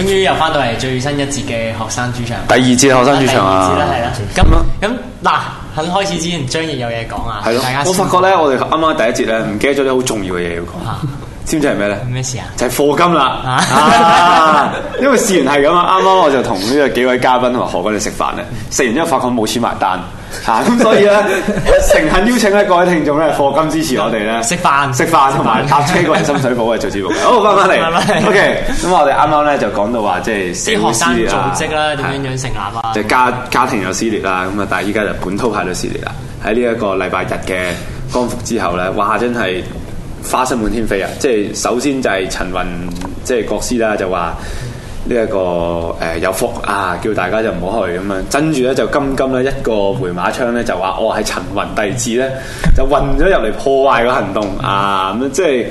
終於又翻到嚟最新一節嘅學生主場，第二節學生主場啊！係啦，咁咁嗱，喺開始之前，張翼有嘢講啊。係咯，大家，我發覺咧，我哋啱啱第一節咧，唔記得咗啲好重要嘅嘢要講。知唔知係咩咧？咩事啊？就係課金啦。因為事源係咁啊，啱啱我就同呢個幾位嘉賓同埋何君哋食飯咧，食完之後發覺冇錢埋單。吓，咁 所以咧，誠懇邀請咧各位聽眾咧，課金支持我哋咧，食飯、食飯同埋搭車過去深水埗嘅做節目。好，翻翻嚟，OK 嚟。Okay, 剛剛。咁我哋啱啱咧就講到話，即係啲學生組織啦，點樣樣成立啊？即係、就是、家家庭有撕裂啦，咁啊，但係依家就本土派都撕裂啦。喺呢一個禮拜日嘅光復之後咧，哇！真係花生滿天飛啊！即、就、係、是、首先就係陳雲，即係國師啦，就話。呢一、呢個誒、呃、有福啊！叫大家就唔好去咁樣，跟住咧就金金咧一個回馬槍咧就話：我、哦、係陳雲弟子咧，就混咗入嚟破壞個行動 啊！咁即係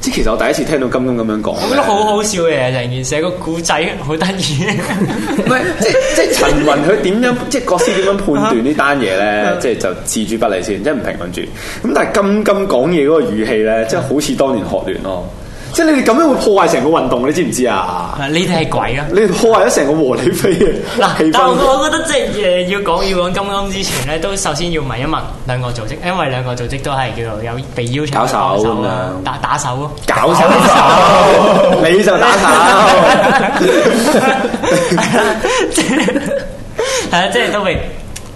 即係其實我第一次聽到金金咁樣講，我覺得好好笑嘅，人哋寫個古仔好得意。唔係即係即係陳雲佢點樣即係 角色點樣判斷呢單嘢咧？即 就，就自主不嚟先，即唔評論住。咁但係金金講嘢嗰個語氣咧，即、即係、好似當年學聯咯。 即係你哋咁樣會破壞成個運動，你知唔知啊？你哋係鬼啊！你哋破壞咗成個和理非啊！嗱，但係我覺得即係要講要講金剛之前咧，都首先要問一問兩個組織，因為兩個組織都係叫做有被邀請幫手啦手、啊，打手、啊手啊、打手咯，搞手，你就打手，係啊，即係都被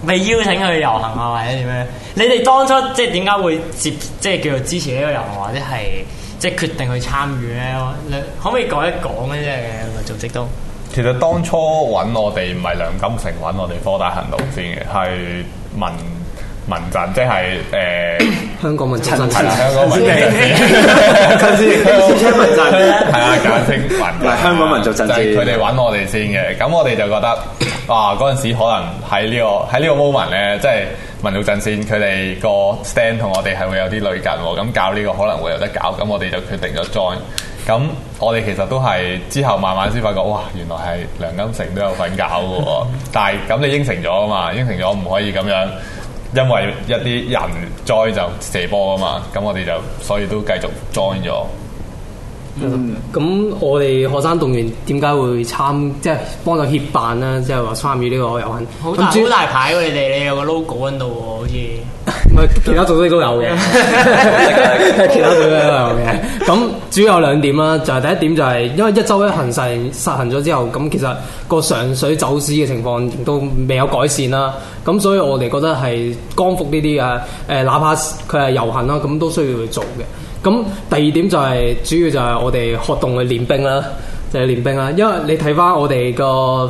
被邀請去遊行啊，或者點樣？你哋當初即係點解會接即係叫做支持呢個遊行或者係？即係決定去參與咧，可唔可以講一講咧？即係個組織都其實當初揾我哋唔係梁金成揾我哋科大行動先嘅，係民民陣，即係誒、呃、香港民族陣線，時香港民族陣線，簡稱民。 香港民族陣線佢哋揾我哋先嘅，咁我哋就覺得，哇！嗰陣時可能喺呢、呢個喺呢個 moment 咧，即係。民族陣線，佢哋個 stand 同我哋係會有啲類近喎，咁搞呢個可能會有得搞，咁我哋就決定咗 join。咁我哋其實都係之後慢慢先發覺，哇，原來係梁金成都有份搞嘅喎。但係咁你應承咗啊嘛，應承咗唔可以咁樣，因為一啲人 join 就射波啊嘛。咁我哋就所以都繼續 join 咗。嗯，咁我哋學生動員點解會參即係、就是、幫佢協辦咧？即係話參與呢個遊行，好大好主大牌喎、啊！你哋你有個 logo 喺度喎，好似唔係， 其他組織都有嘅， 其他組織都有嘅。咁、 嗯、主要有兩點啦，就係、是、第一點就係、是、因為一周一行曬，實行咗之後，咁其實個上水走私嘅情況都未有改善啦。咁所以我哋覺得係光復呢啲啊，誒，哪怕佢係遊行啦，咁都需要去做嘅。咁第二點就係主要就係我哋學動去練兵啦，就係練兵啦。因為你睇翻我哋個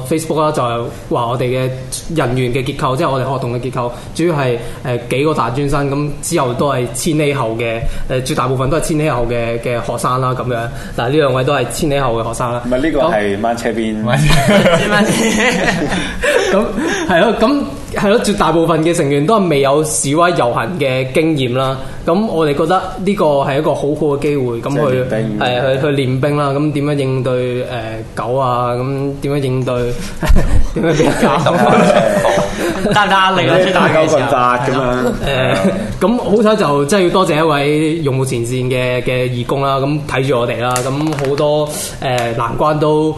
Facebook 啦、啊，就係話我哋嘅人員嘅結構，即、就、係、是、我哋學動嘅結構，主要係誒幾個大專生，咁之後都係千禧後嘅誒，絕大部分都係千禧後嘅嘅學生啦。咁樣嗱，呢兩位都係千禧後嘅學生啦。唔係呢個係慢車邊？咁係咯，咁、啊。係囉，絕大部分嘅成員都係未有示威遊行嘅經驗啦。咁我哋覺得呢個係一個好好嘅機會，咁去係去去練兵啦。咁點樣應對誒狗啊？咁點樣應對點樣應架？大唔得大嘅時候，狗咁樣誒。咁好彩就真係要多謝一位用戶前線嘅嘅義工啦。咁睇住我哋啦。咁好多誒難關都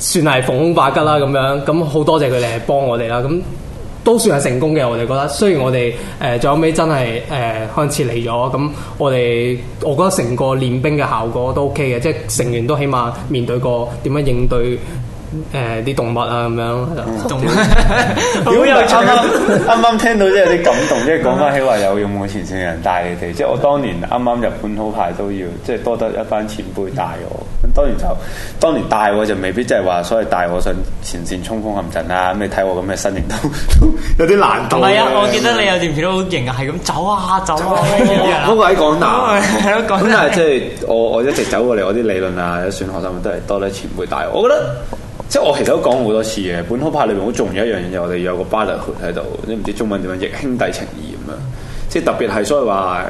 算係逢凶化吉啦。咁樣咁好多謝佢哋幫我哋啦。咁都算係成功嘅，我哋覺得，雖然我哋誒、呃、最後尾真係誒可能撤離咗，咁、呃嗯、我哋我覺得成個練兵嘅效果都 OK 嘅，即係成員都起碼面對過點樣應對誒啲、呃、動物啊咁樣。動物好有趣，啱啱聽到即係有啲感動，即係講翻起話 有勇嘅前線人帶你哋，即係我當年啱啱日本好排都要，即係多得一班前輩帶我。嗯。當然就，當年大我就未必即係話，所謂大我上前線衝鋒陷陣啊！咁你睇我咁嘅身形都， 有啲難度。唔係啊！是我記得你有段片好勁啊，係咁走啊走啊。不過喺廣大，廣大即係我我一直走過嚟，我啲理論啊、算學生都係多啲傳媒帶。我覺得即係 我其實都講好多次嘅本科派裏邊好重要一樣嘢，我哋有個 balance 喺度，你唔知中文點樣，亦兄弟情義咁樣。即係特別係所謂話，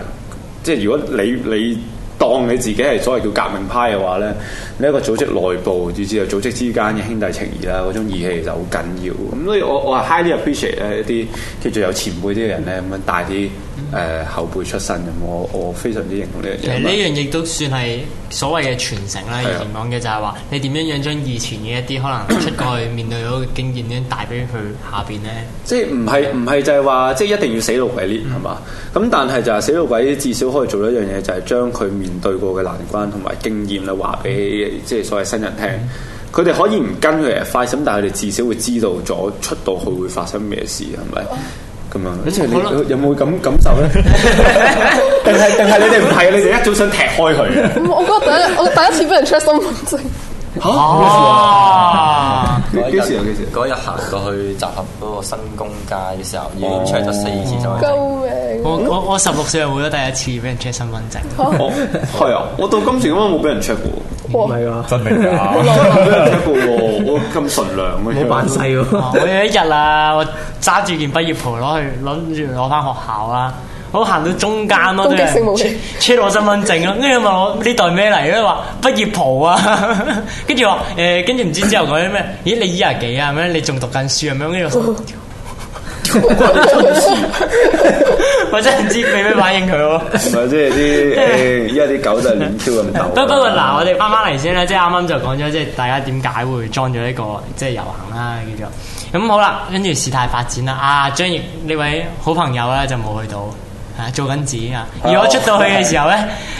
即係如果你你。你你你你你當你自己係所謂叫革命派嘅話咧，呢一個組織內部至至啊，組織之間嘅兄弟情義啦，嗰種義氣就好緊要。咁所以我我係 highly appreciate 咧，一啲叫做有前輩啲嘅人咧咁樣帶啲。誒、呃、後輩出身嘅我，我非常之認同呢樣嘢。其實呢樣嘢都算係所謂嘅傳承啦。是的 以前講嘅就係話，你點樣樣將以前嘅一啲可能出過去面對到嘅經驗咧，帶俾佢下邊咧。即係唔係唔係就係話，即係一定要死路鬼咧，係嘛、嗯？咁但係就係死路鬼，至少可以做一樣嘢，就係、是、將佢面對過嘅難關同埋經驗咧，話俾即係所謂新人聽。佢哋、嗯、可以唔跟佢快閃，但係佢哋至少會知道咗出到去會發生咩事，係咪？咁樣，以前你有冇咁感受咧？定係定係你哋唔係？你哋一早想踢開佢。我我覺得第一我第一次俾人 check 身份證。嚇！幾時啊？幾時、啊？嗰日行過去集合嗰個新工街嘅時候，已經 check 咗四次咗。救命！我我我十六歲又冇咗第一次俾人 check 身份證。我好 啊！我到今時咁都冇俾人 check 嘅。唔係噶，啊、真係噶，我諗都係一個喎，我咁純良嘅，冇扮西喎。我有一日啊，我揸住件畢業袍攞去攞，跟住攞翻學校啦、啊。我行到中間咯、啊，都攻擊性武器，check 我身份證咯、啊。跟住問我呢袋咩嚟咧？話畢業袍啊。跟住話誒，跟住唔知之後講啲咩？咦，你廿幾啊？咩、啊？你仲讀緊書咁樣？跟住。嗯 我真係唔知俾咩反應佢、啊、喎，咪即係啲，而家啲狗就亂跳咁樣， 但不過嗱，但我哋翻翻嚟先啦，即係啱啱就講咗，即係大家點解會裝咗呢個即係遊行啦，叫做咁好啦，跟住事態發展啦，啊張翼呢位好朋友咧就冇去到。做緊紙啊！而我出到去嘅時候咧，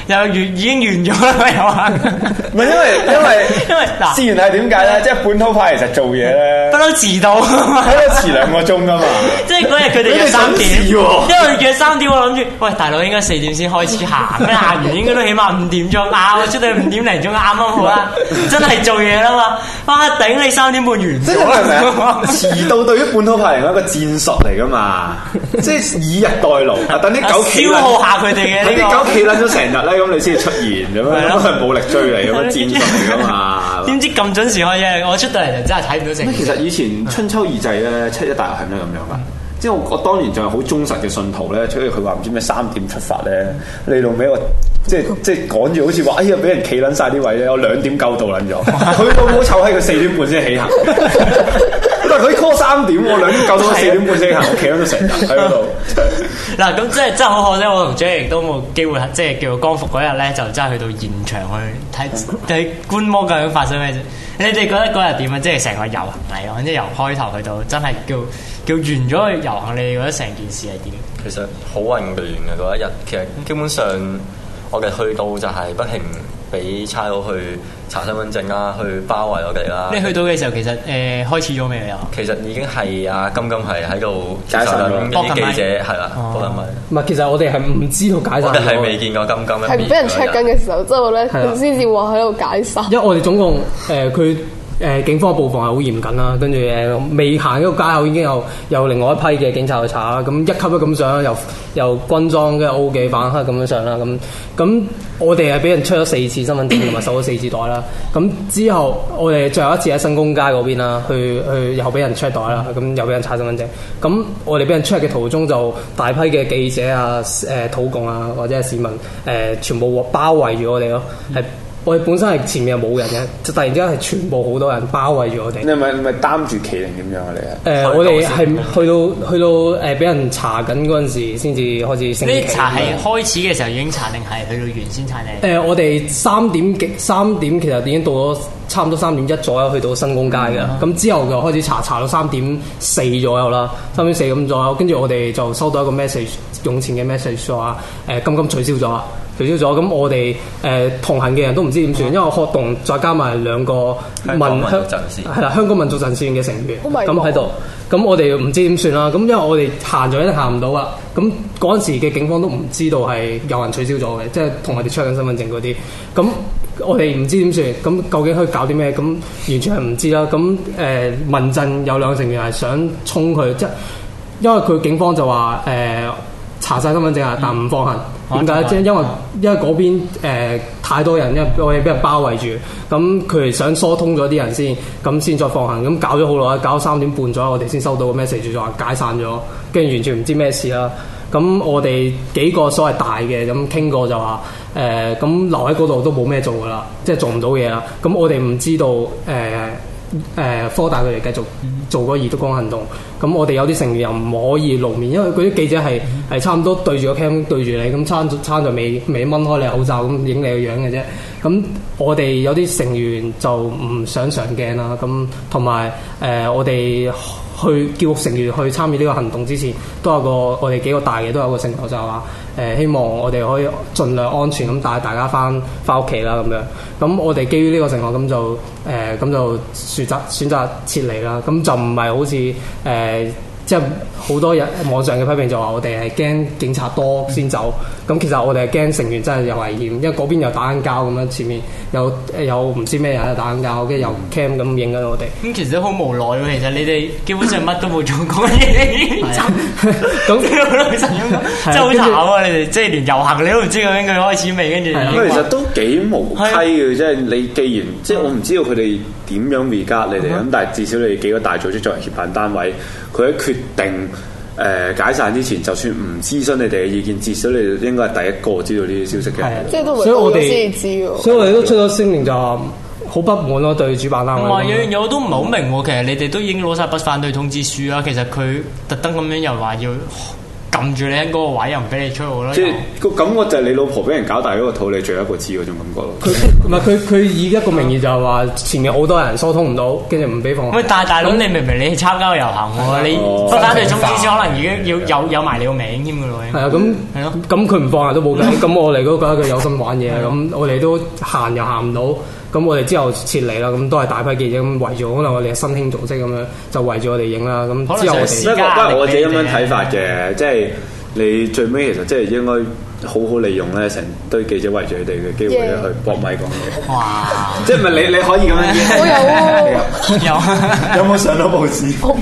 又完已經完咗啦，係嘛？唔係因為因為因為嗱，事源係點解咧？即係本土派其實做嘢咧，不嬲遲到，起碼遲兩個鐘噶嘛。即係嗰日佢哋約三點，因為約三點，我諗住，喂，大佬應該四點先開始行，咁行完應該都起碼五點鐘，我出到去五點零鐘，啱啱好啦。真係做嘢啦嘛，啊，頂你三點半完，可能遲到對於本土派嚟講係一個戰術嚟噶嘛，即係以逸待勞，消耗下佢哋嘅你個，哋狗企撚咗成日咧，咁你先出現咁樣，都武力追嚟，咁樣戰術啊！點知咁準時開啫？我出到嚟就真係睇唔到成。其實以前春秋二祭咧，七一大行咧，咁樣啦。即係我我當年仲係好忠實嘅信徒咧，出去佢話唔知咩三點出發咧，你老味我即係即係趕住好似話，哎呀俾人企撚晒啲位咧，我兩點九度撚咗，佢我冇湊喺佢四點半先起行。 但佢 call 三點，兩點搞到四點半先行，企喺度成日喺度。嗱，咁即係真係好可惜咧，我同 Jing 都冇機會，即係叫光復嗰日咧，就真係去到現場去睇睇觀摩究竟發生咩事。你哋覺得嗰日點啊？即係成個遊行嚟，我諗即係由開頭去到，真係叫叫完咗去遊行。 你哋覺得成件事係點？其實好混亂嘅嗰一日，其實基本上我哋去到就係不停俾差佬去查身份證啦，去包圍我哋啦、啊。你去到嘅時候，其實誒、呃、開始咗未啊？其實已經係啊，金金係喺度解散呢，記者係啦，我都咪。唔係，其實我哋係唔知道解散。係未見過金金？係俾人 check 緊嘅時候，之後咧佢先至話喺度解散。因為我哋總共誒佢。呃 誒，警方嘅布防係好嚴謹啦，跟住誒，未行一個街口已經有有另外一批嘅警察去查啦，咁一級都咁上啦，又又軍裝嘅 O 記反黑咁樣上啦，咁咁我哋係俾人 check 咗四次身份證同埋收咗四次袋啦，咁之後我哋最後一次喺新工街嗰邊啦，去去又俾人 check 袋啦，咁又俾人查，人查身份證，咁我哋俾人 check 嘅途中就大批嘅記者啊、誒土共啊或者市民誒、呃、全部包圍住我哋咯，係、嗯。我哋本身係前面冇人嘅，就突然之間係全部好多人包圍住我哋。你咪咪擔住麒麟咁樣啊你啊？誒、呃，我哋係去到 去到誒，俾人查緊嗰陣時，先至開始升嘅。你查係開始嘅時候已經查定係去到原先查定？誒、呃，我哋三點幾三點其實已經到咗差唔多三點一左右，去到新公街嘅。咁、嗯啊、之後就開始查查到三點四左右啦，三點四咁左右，跟住我哋就收到一個 message 用錢嘅 message 話誒，金金取消咗。取消咗，咁我哋誒、呃、同行嘅人都唔知點算，嗯、因為學動再加埋兩個民陣，係啦，香港民族陣線嘅成員，咁喺度，咁我哋唔知點算啦。咁、嗯、因為我哋行咗，一定行唔到啦。咁嗰陣時嘅警方都唔知道係有人取消咗嘅，即係同我哋出緊身份證嗰啲。咁我哋唔知點算，咁究竟可以搞啲咩？咁完全係唔知啦。咁誒、呃，民陣有兩個成員係想衝佢，即係因為佢警方就話誒。呃查晒身份證啊，但唔放行。點解、嗯？即係因為因為嗰邊、呃、太多人，因為我哋俾人包圍住，咁佢哋想疏通咗啲人先，咁先再放行。咁搞咗好耐，搞到三點半左右，我哋先收到個 message 就話解散咗，跟住完全唔知咩事啦。咁我哋幾個所謂大嘅咁傾過就話誒，咁、呃、留喺嗰度都冇咩做噶啦，即係做唔到嘢啦。咁我哋唔知道誒。呃誒、呃、科大佢哋繼續做個熱毒光行動，咁我哋有啲成員又唔可以露面，因為嗰啲記者係係、嗯、差唔多對住個鏡對住你，咁差差就未未掹開你口罩咁影你個樣嘅啫。咁我哋有啲成員就唔想上鏡啦。咁同埋誒我哋去叫成員去參與呢個行動之前，都有個我哋幾個大嘅都有個承諾就係話。希望我哋可以盡量安全咁帶大家翻翻屋企啦，咁樣，咁我哋基於呢個情況咁就誒咁、呃、就選擇選擇撤離啦，咁就唔係好似誒。呃即係好多日網上嘅批評就話我哋係驚警察多先走，咁、嗯、其實我哋係驚成員真係有危險，因為嗰邊又打緊交咁樣，前面有有打打又又唔知咩人喺度打緊交，跟住又 cam 咁影緊我哋。咁其實好無奈喎，其實你哋基本上乜都冇做過嘢，咁其實，係好 慘啊！ 啊後你哋即係連遊行你都唔知咁樣佢開始未跟住。咁其實都幾無稽嘅，即係、啊、你既然即係我唔知道佢哋。點樣未加你哋咁？Mm hmm. 但係至少你幾個大組織作為協辦單位，佢喺決定誒解散之前，就算唔諮詢你哋嘅意見，至少你應該係第一個知道呢啲消息嘅。係的，即係都唔會先知所。所以我哋都出咗聲明，就話好不滿咯對主辦單位樣。有，有樣嘢我都唔係好明喎，其實你哋都已經攞晒不反對通知書啦。其實佢特登咁樣又話要。撳住你喺嗰個位又唔俾你出，即係個感覺就係你老婆俾人搞大嗰個肚，你最後一個知嗰種感覺咯。佢唔係佢佢以一個名義就係話前面好多人疏通唔到，跟住唔俾放。喂，大大佬，你明唔明你去參加遊行喎，你反反對總警司可能已經要有有埋你個名添嘅咯。係啊，咁係咯，咁佢唔放啊都冇計，咁我哋都覺得佢有心玩嘢，咁我哋都行又行唔到。咁我哋之後撤離啦，咁都係大批記者咁圍住，可能我哋嘅新興組織咁樣就圍住我哋影啦。咁之後我不，不過不過我自己咁樣睇法嘅，給你 即係你最尾其實即係應該好好利用咧，成堆記者圍住你哋嘅機會去搏米講嘢。哇！即係唔係你你可以咁樣嘅，啊？ 有 有有冇上到報紙？我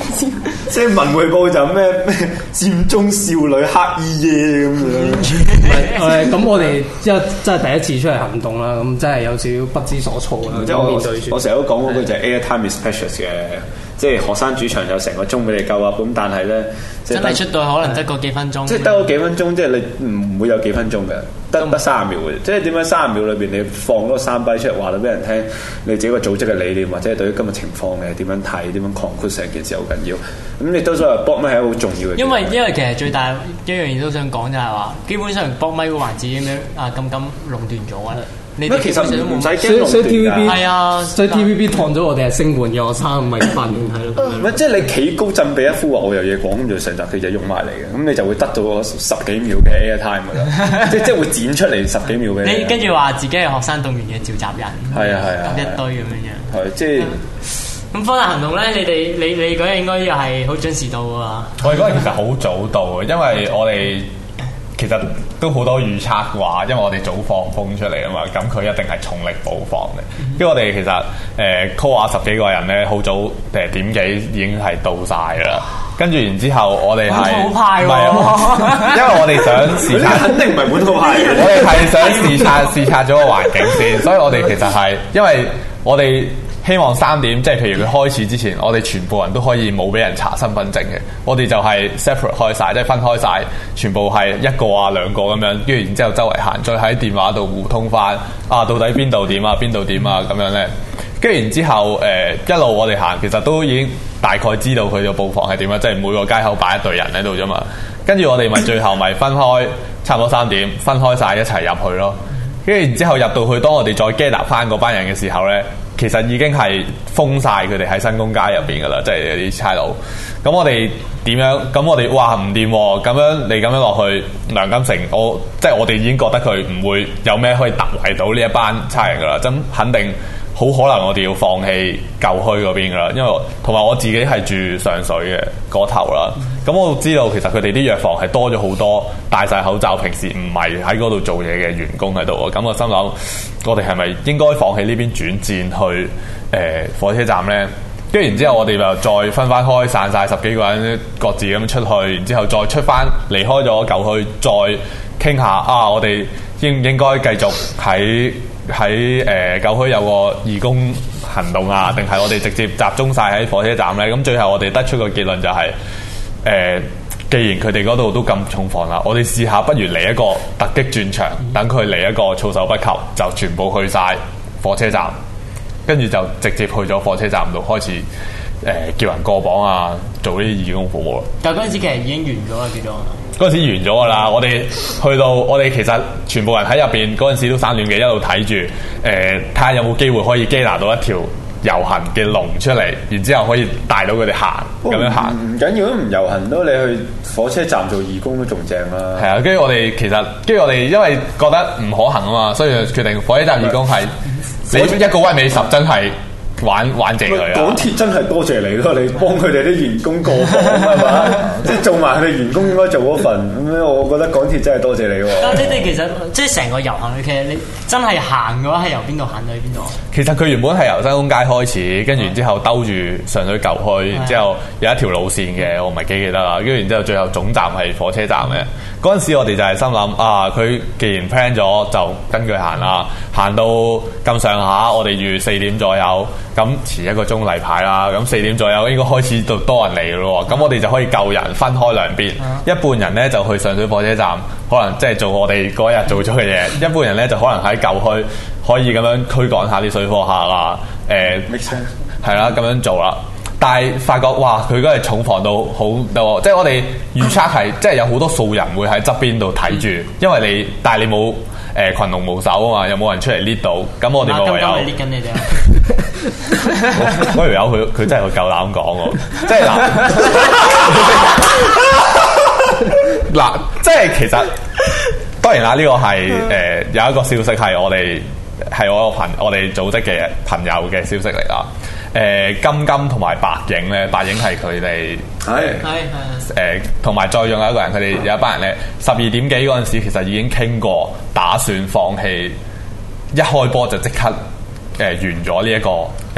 即係文匯報就咩咩佔中少女黑衣夜咁樣，咁我哋即係即係第一次出嚟行動啦，咁真係有少少不知所措啦。即係、嗯、我我成日都講嗰句就 Airtime is precious 嘅的。嗯 即係學生主場有成個鐘俾你夠啊！咁但係咧，真係出到可能得個幾分鐘。嗯、即係得個幾分鐘，即係你唔會有幾分鐘嘅，得得三十秒嘅。即係點解三十秒裏邊你放嗰個三杯出嚟話到俾人聽你自己個組織嘅理念，或者對於今日情況嘅點樣睇，點樣擴闊成件事好緊要。咁你都所謂博咪係一個好重要嘅。因為因為其實最大一樣嘢都想講就係話，基本上博咪嘅環節已經啊，咁咁壟斷咗啦。嗯乜其實唔使驚 TVB。係啊！所以 T V B 燙咗我哋係星冠嘅學生，唔係份嚟咯。 了即係你企高陣俾一呼話，我有嘢講，咁就成集佢就用埋嚟嘅，咁你就會得到十幾秒嘅 air time，即即會剪出嚟十幾秒嘅。 你。跟住話自己係學生動員嘅召集人，係啊係啊，啊一堆咁樣樣。係即係咁科大行動咧，你哋你你嗰日應該又係好準時到啊！ 我哋嗰日其實好早到，啊，因為我哋。其實都好多預測嘅話，因為我哋早放風出嚟啊嘛，咁佢一定係重力補防嘅。因為我哋其實誒 call 下十幾個人咧，好早誒點幾已經係到曬啦。跟住然之後，我哋係唔係啊？因為我哋想視察，肯定唔係本套派。我哋係想視察視察咗個環境先，所以我哋其實係因為我哋。希望三點，即係譬如佢開始之前，我哋全部人都可以冇俾人查身份證嘅。我哋就係 separate 開晒，即係分開晒，全部係一個啊兩個咁樣。跟住然之後周圍行，再喺電話度互通翻啊，到底邊度點啊，邊度點啊咁樣呢？跟住然之後，誒、呃、一路我哋行，其實都已經大概知道佢嘅布防係點啦，即係每個街口擺一隊人喺度啫嘛。跟住我哋咪最後咪分開，差唔多三點分開晒，一齊入去咯。跟住然之後入到去，當我哋再 gather 翻嗰班人嘅時候呢。其實已經係封晒佢哋喺新功街入邊噶啦，即係啲差佬。咁我哋點樣？咁我哋話唔掂，咁樣你咁樣落去梁金成，我即係、就是、我哋已經覺得佢唔會有咩可以突圍到呢一班差人噶啦。咁、就是、肯定好可能我哋要放棄舊墟嗰邊噶啦，因為同埋我自己係住上水嘅嗰頭啦。咁我知道其實佢哋啲藥房係多咗好多，戴晒口罩，平時唔係喺嗰度做嘢嘅員工喺度。咁我心諗，我哋係咪應該放棄喺呢邊轉戰去誒、呃、火車站呢？跟住然之後，我哋又再分開散晒十幾個人，各自咁出去。然之後再出翻離開咗舊區，再傾下啊！我哋應唔應該繼續喺喺誒舊區有個義工行動啊？定係我哋直接集中晒喺火車站呢？咁最後我哋得出個結論就係、是。誒、呃，既然佢哋嗰度都咁重防啦，我哋試下，不如嚟一個突擊轉場，等佢嚟一個措手不及，就全部去晒火車站，跟住就直接去咗火車站度開始誒、呃、叫人過磅啊，做呢啲義工服務，但係嗰時其實已經完咗啦，幾多？嗰陣時完咗㗎啦。我哋去到我哋其實全部人喺入邊嗰陣時都生亂嘅，一路睇住誒，睇、呃、下有冇機會可以 g 拿到一條。遊行嘅籠出嚟，然之後可以帶到佢哋行咁樣行。唔緊要，如果唔遊行都，你去火車站做義工都仲正啦。係啊，跟住我哋其實，跟住我哋因為覺得唔可行啊嘛，所以決定火車站義工係車你一個威美十真係車。真玩玩謝佢啊！港鐵真係多謝你咯，你幫佢哋啲員工過關 即係做埋佢哋員工應該做嗰份咁樣。我覺得港鐵真係多謝你喎、啊。咁你 其實，其實即係成個遊行，的行的行其實你真係行嘅話係由邊度行到去邊度？其實佢原本係由新豐街開始，跟住然之後兜住上水舊墟，之後有一條路線嘅，我唔係記記得啦。跟住然之後，最後總站係火車站嘅。嗰陣時我哋就係心諗啊，佢既然 plan 咗，就跟佢行啦。行到咁上下，我哋預四點左右。咁遲一個鐘例牌啦，咁四點左右應該開始就多人嚟咯。咁、嗯、我哋就可以救人，分開兩邊，嗯、一半人咧就去上水火車站，可能即係做我哋嗰日做咗嘅嘢；嗯、一半人咧就可能喺舊區可以咁樣驅趕下啲水貨客啦。誒、呃，係啦、嗯，咁樣做啦。但係發覺哇，佢都係重防到好多，即係我哋預測係即係有好多數人會喺側邊度睇住，因為你但係你冇。誒、呃、群龍無首啊嘛，又冇人出嚟 lead 到，咁、嗯、我哋咪唯有，金金那個、有我唯有佢，佢真係佢夠膽講喎，即係嗱， 即係其實當然啦，呢個係誒有一個消息係我哋係我個朋我哋組織嘅朋友嘅消息嚟啦。誒、呃、金金同埋白影咧，白影係佢哋係係係誒，同埋再用一個人，佢哋有一班人咧，十二點幾嗰陣時，其實已經傾過，打算放棄，一開波就即刻誒完咗呢一個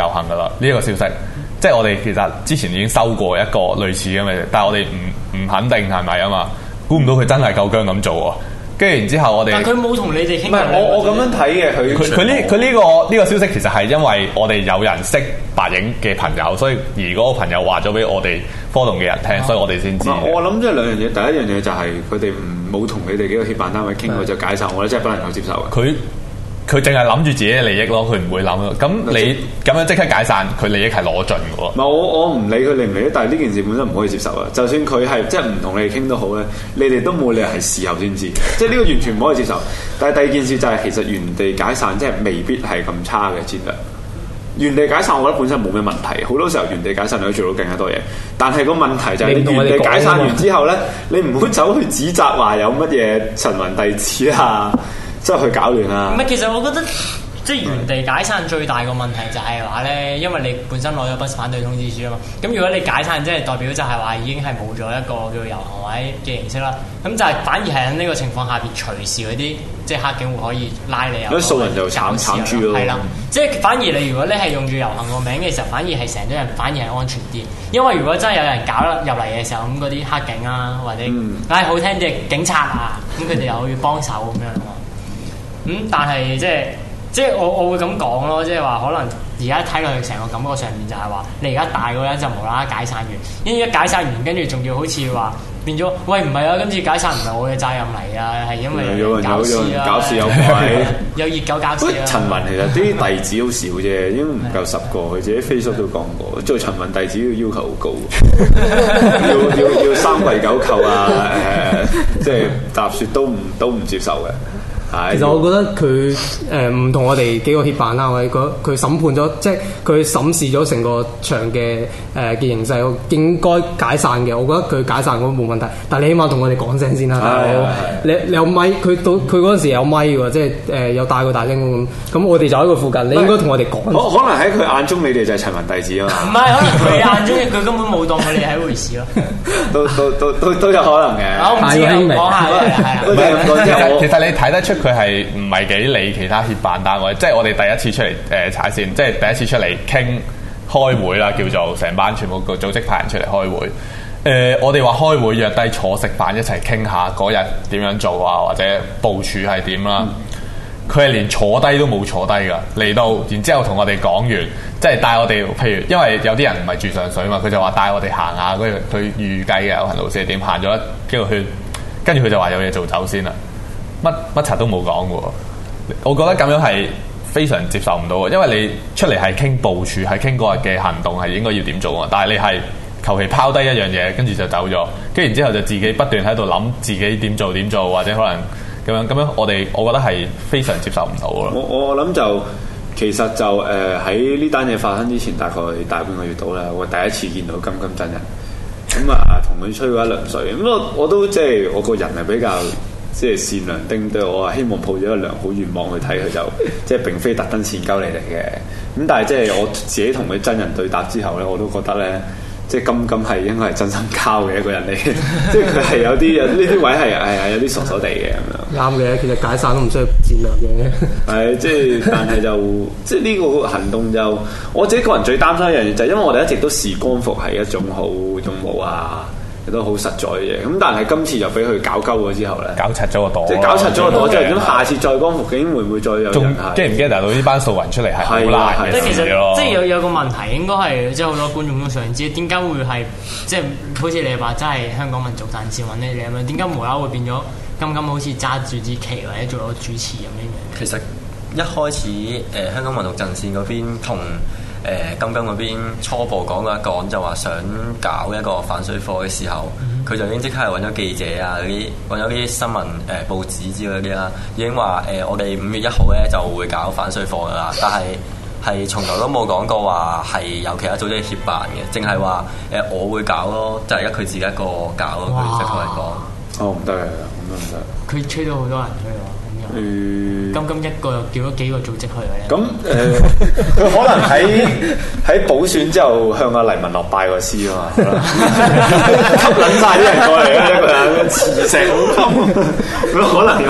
遊行噶啦，呢、這、一個消息， 即係我哋其實之前已經收過一個類似嘅嘅，但係我哋唔唔肯定係咪啊嘛，估唔到佢真係夠姜咁做啊！跟住然之後我，我哋但佢冇同你哋傾？唔係我我咁樣睇嘅，佢佢呢佢呢個呢、呢個消息其實係因為我哋有人識白影嘅朋友，所以而嗰個朋友話咗俾我哋科動嘅人聽，所以我哋先知，啊。我諗即係兩樣嘢，第一樣嘢就係佢哋唔冇同你哋幾個協辦單位傾過，就是的 解散，我真係不能夠接受。佢。佢淨係諗住自己嘅利益咯，佢唔會諗。咁你咁錯樣即刻解散，佢利益係攞盡嘅喎。唔係我我唔理佢利唔理。但係呢件事本身唔可以接受啊！就算佢係即係唔同你哋傾都好咧，你哋都冇理由係事後先知，即係呢個完全唔可以接受。但係第二件事就係、是、其實原地解散即係未必係咁差嘅，戰略原地解散我覺得本身冇咩問題。好多時候原地解散你可以做到更加多嘢，但係個問題就係原地解散完之後咧，你唔會走去指責話有乜嘢陳雲弟子啊？ 即係去搞亂啦。唔係，其實我覺得即係原地解散最大個問題就係話咧，因為你本身攞咗不反對通知書啊嘛。咁如果你解散，即係代表就係話已經係冇咗一個叫做遊行位嘅形式啦。咁就係反而係喺呢個情況下邊，隨時嗰啲即係黑警會可以拉你入嚟搞事咯。啦，了嗯、即係反而你如果你係用住遊行個名嘅時候，反而係成咗人，反而係安全啲。因為如果真係有人搞入嚟嘅時候，咁嗰啲黑警啊，或者唉、嗯嗯、好聽啲警察啊，咁佢哋又可以幫手咁樣。嗯嗯。咁但係即係即係我我會咁講咯，即係話可能而家睇落去成個感覺上面就係話，你而家大嗰陣就無啦啦解散完，因為一解散完，跟住仲要好似話變咗喂唔係啊，今次解散唔係我嘅責任嚟啊，係因為有人搞事、啊、人有人搞事有鬼、啊， 有熱狗搞事啊！陳雲其實啲弟子好少啫，因為唔夠十個，佢自己 Facebook 都講過，做陳雲弟子要求 要求好高，要要要三跪九叩啊，呃、即係踏雪都唔都唔接受嘅。其實我覺得佢誒唔同我哋幾個協辦啦，我哋佢佢審判咗，即係佢審視咗成個場嘅誒嘅形勢，應該解散嘅。我覺得佢解散冇問題，但係你起碼同我哋講聲先啦。你你有咪？佢到佢嗰時有咪喎，即係誒有戴個大聲公咁。咁我哋就喺個附近，你應該同我哋講。可能喺佢眼中，你哋就係陳雲弟子啊，唔係，可能佢眼中佢根本冇當我哋係一回事咯。都都都都有可能嘅。我唔知，我係係。其實你睇得出。佢係唔係幾理其他協辦單位？即係我哋第一次出嚟誒、呃、踩線，即係第一次出嚟傾開會啦，叫做成班全部組織派人出嚟開會。誒、呃，我哋話開會約低坐食飯一齊傾下嗰日點樣做啊，或者部署係點啦。佢係、嗯、連坐低都冇坐低噶，嚟到然之後同我哋講完，即係帶我哋，譬如因為有啲人唔係住上水嘛，佢就話帶我哋行下嗰個佢預計嘅行路線點，行咗幾個圈，跟住佢就話有嘢做走先啦。乜乜柒都冇講嘅喎，我覺得咁樣係非常接受唔到嘅，因為你出嚟係傾部署，係傾嗰日嘅行動係應該要點做啊，但係你係求其拋低一樣嘢，跟住就走咗，跟住然之後就自己不斷喺度諗自己點做點做，或者可能咁樣咁樣，樣我哋我覺得係非常接受唔到咯。我我諗就其實就誒喺呢單嘢發生之前，大概大半個月到啦，我第一次見到金金真人，咁啊同佢吹過一輪水，咁我我都即係、就是、我個人係比較。 即係善良丁對，我係希望抱咗一個良好願望去睇佢就，即係並非特登錢交你嚟嘅。咁但係即係我自己同佢真人對答之後咧，我都覺得咧，即係金金係應該係真心交嘅一個人嚟， 即係佢係有啲呢啲位係係係有啲傻傻地嘅咁樣。啱嘅， 其實解散都唔需要戰略嘅。係即係，但係就即係呢個行動就我自己個人最擔心一樣嘢就係、是、因為我哋一直都視光復係一種好一種武啊。都好實在嘅，咁但係今次又俾佢搞鳩咗之後咧，搞拆咗個檔，即係搞拆咗個檔，即係咁下次再光復，究竟會唔會再有人係驚唔驚？嗱，到呢班素雲出嚟係好難，即係其實的即係有有個問題，應該係即係好多觀眾都想知點解會係即係好似你話真係香、呃、香港民族陣線揾你哋咁樣，點解無啦會變咗咁咁好似揸住支旗或者做咗主持咁樣？其實一開始誒香港民族陣線嗰邊同。誒金金嗰邊初步講一講就話想搞一個反水貨嘅時候，佢、嗯、哼就已經即刻嚟揾咗記者啊啲，揾咗啲新聞誒、呃、報紙之類嗰啲啦，已經話誒、呃、我哋五月一號咧就會搞反水貨噶啦，但係係從頭都冇講過話係由其他組織協辦嘅，淨係話誒我會搞咯，就係而家佢自己一個搞咯。哇！哦唔得啊，咁都唔得。佢吹咗好多人吹。誒，咁咁一個又叫咗幾個組織去咧？咁誒，佢可能喺喺補選之後向阿黎文樂拜個師啊嘛，吸捻晒啲人過嚟啊，一個啊磁石好吸，可能有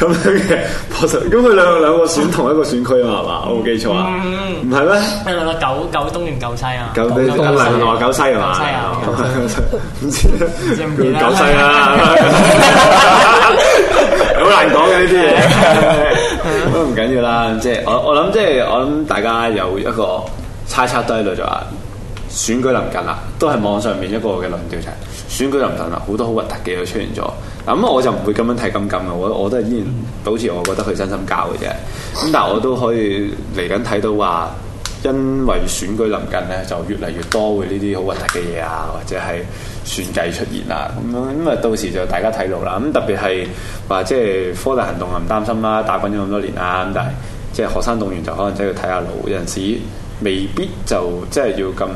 咁樣嘅？咁佢兩兩個選同一個選區啊嘛，係嘛？我冇記錯啊，唔係咩？係咪啊？九九東定九西啊？九東定西定西啊？九西啊？好 難講嘅呢啲嘢，都 唔緊要啦。即係我我諗，即係我諗，大家有一個猜測都喺度就話選舉臨近啦，都係網上面一個嘅論調就係選舉就唔緊啦，好多好核突嘅嘢出現咗。嗱咁我就唔會咁樣睇咁咁嘅，我我都係依然保持我覺得佢真心教嘅啫。咁但係我都可以嚟緊睇到話。因為選舉臨近咧，就越嚟越多會呢啲好核突嘅嘢啊，或者係算計出現啦咁咁啊，到時就大家睇路啦。咁特別係話即係科大行動啊，唔擔心啦，打滾咗咁多年啊。咁但係即係學生動員就可能真要睇下路，有陣時未必就即係要咁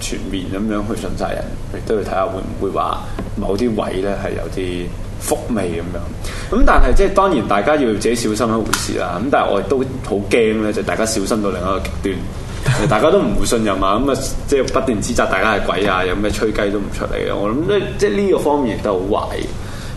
全面咁樣去信曬人，亦都要睇下會唔會話某啲位咧係有啲伏味咁樣。咁但係即係當然大家要自己小心一回事啦。咁但係我亦都好驚咧，就是、大家小心到另一個極端。 大家都唔會信任啊，咁啊即係不斷指責大家係鬼啊，有咩吹雞都唔出嚟嘅。我諗即即係呢個方面亦都好壞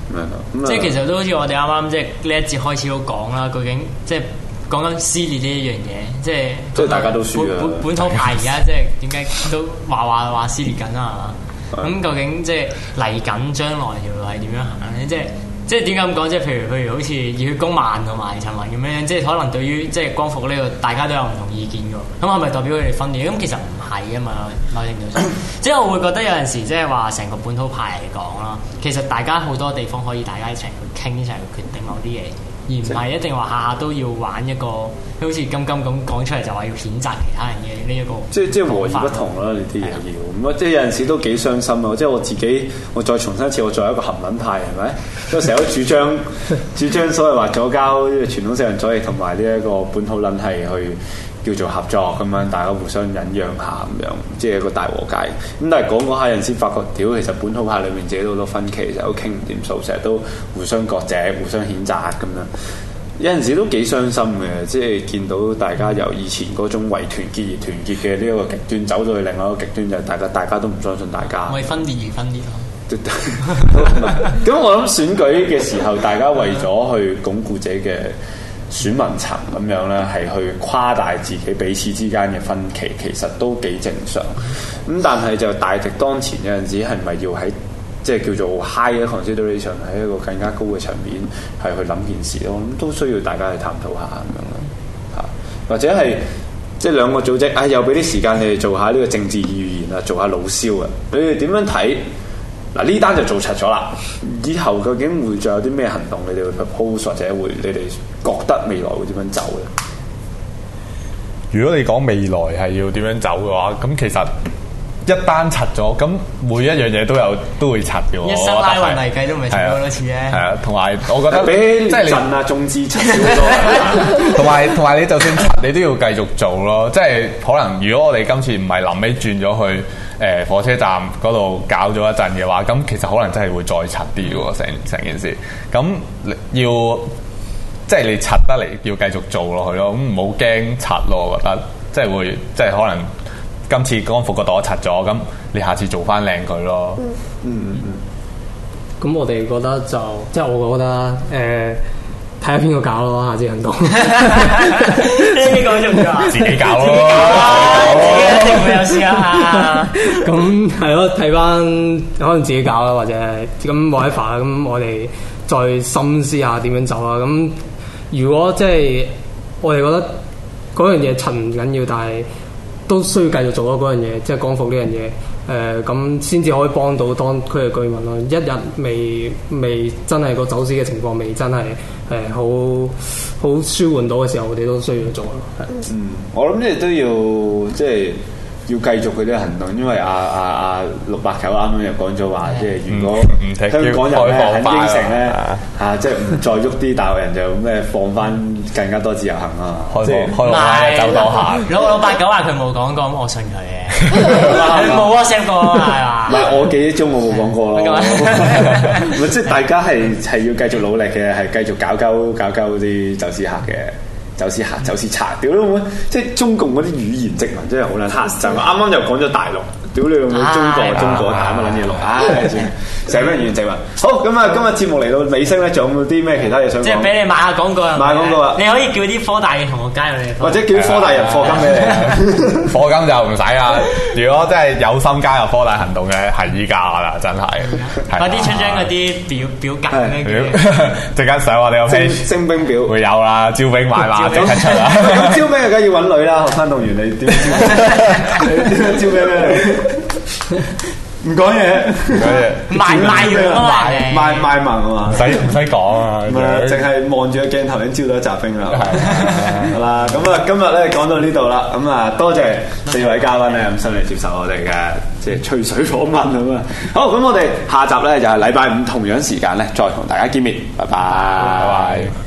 咁樣咯。咁即係其實都好似我哋啱啱即係呢一節開始都講啦，究竟即係講緊撕裂呢一樣嘢，即係即係大家都輸本大家 本土派而家即係點解都話話話撕裂緊啦，係嘛？咁究竟即係嚟緊將來條路係點樣行咧？嗯、即係。即係點解咁講？即係譬如譬如好似熱血公民同埋陳雲咁樣，即係可能對於即係光復呢個大家都有唔同意見嘅喎。咁係咪代表佢哋分裂？咁其實唔係啊嘛，某程度上， 即係我會覺得有陣時即係話成個本土派嚟講啦，其實大家好多地方可以大家一齊去傾一齊去決定某啲嘢。而唔係一定話下下都要玩一個好似、就是、金金咁講出嚟就話要譴責其他人嘅呢一個，即，即係即係和而不同啦，呢啲係要咁的即係有陣時都幾傷心啊！即係我自己，我再重申一次，我作為一個含捻派係咪？我成日都主張主張所謂話左交傳統西洋左翼同埋呢一個本土捻係去。叫做合作咁樣，大家互相忍讓下咁樣，即係一個大和解。咁但係講講下人先發覺，屌，其實本土派裡面自己都好多分歧，成好傾唔掂數，成日都互相割者、互相譴責咁樣。有陣時都幾傷心嘅，即係見到大家由以前嗰種為團結而團結嘅呢一個極端，走到去另外一個極端，就係、大家大家都唔相信大家。為分裂而分裂。咁 我諗選舉嘅時候， 大家為咗去鞏固自己嘅。選民層咁樣咧，係去誇大自己彼此之間嘅分歧，其實都幾正常。咁但係就大敵當前嗰陣時，係咪要喺即係叫做 high consideration 喺一個更加高嘅層面係去諗件事咯？咁都需要大家去探討下咁樣啦。嚇，或者係即係兩個組織，唉、啊，又俾啲時間你哋做下呢個政治預言啊，做下老燒啊，你哋點樣睇？嗱呢單就做錯咗啦！以後究竟會再有啲咩行動？你哋會 propose 或者會你哋覺得未來會點樣走嘅？如果你講未來係要點樣走嘅話，咁其實。一單拆咗，咁每一樣嘢都有都會拆嘅喎。一手拉運嚟計都唔係拆好多次咧。係啊，同埋我覺得比 即係你進啊，眾志少多。同埋同埋你就算拆，你都要繼續做咯。即係可能，如果我哋今次唔係臨尾轉咗去誒、呃、火車站嗰度搞咗一陣嘅話，咁其實可能真係會再拆啲嘅喎。成成件事咁要，即係你拆得嚟，要繼續做落去咯。咁唔好驚拆咯，我覺得即係會即係可能。今次光復個朵拆咗，咁你下次做翻靚佢咯。嗯嗯嗯。咁我哋覺得就，即、就、係、是、我覺得，誒、呃，睇下邊個搞咯，下次行動。呢個做唔做？自己搞咯。有事啊！咁係咯，睇翻可能自己搞啦，或者咁冇得法啦。咁我哋再深思下點樣走啊？咁如果即係、就是、我哋覺得嗰樣嘢拆唔緊要，但係。都需要繼續做咯，嗰樣嘢即係光復呢樣嘢，誒咁先至可以幫到當區嘅居民咯。一日未未真係個走私嘅情況未真係誒、呃、好好舒緩到嘅時候，我哋都需要做咯，係。嗯，我諗呢係都要即係。要繼續佢啲行動，因為阿阿阿六八九啱啱又講咗話，即係如果唔香港人咧肯應承咧，嚇即係唔再喐啲大陸人就咩放翻更加多自由行啊，即係開走多下。如果六八九話佢冇講過，咁我信佢嘅，冇啊，WhatsApp 過係嘛？唔係我記憶中我冇講過咯。即係大家係係要繼續努力嘅，係繼續搞鳩搞鳩啲走私客嘅。就是行，就是查，屌你老母！即係中共嗰啲語言殖民真係好難黑， 剛剛就啱啱又講咗大陸。屌你用到中國中國諗乜撚嘢落，成日班原植物。好，咁啊，今日節目嚟到尾聲咧，仲有冇啲咩其他嘢想講？即係俾你買下廣告啊！買廣告啊！你可以叫啲科大嘅同學加入你。或者叫啲科大人課金畀你。課金就唔使啦！如果真係有心加入科大行動嘅，係依家啦，真係。嗰啲出張嗰啲表表格嗰即刻上我哋有徵徵兵表會有啦，招兵買啦。招兵梗要女啦，學生動員你招咩咩？唔講嘢，賣賣賣賣賣萌啊嘛，唔使唔使講啊？淨係望住個鏡頭，已經招到一紮兵啦。好啦，咁啊，今日咧，講到呢度啦，咁啊，多謝四位嘉賓咧咁上嚟，接受我哋嘅即係吹水訪問咁啊。好，咁我哋下集咧就係禮拜五同樣時間咧再同大家見面，拜拜。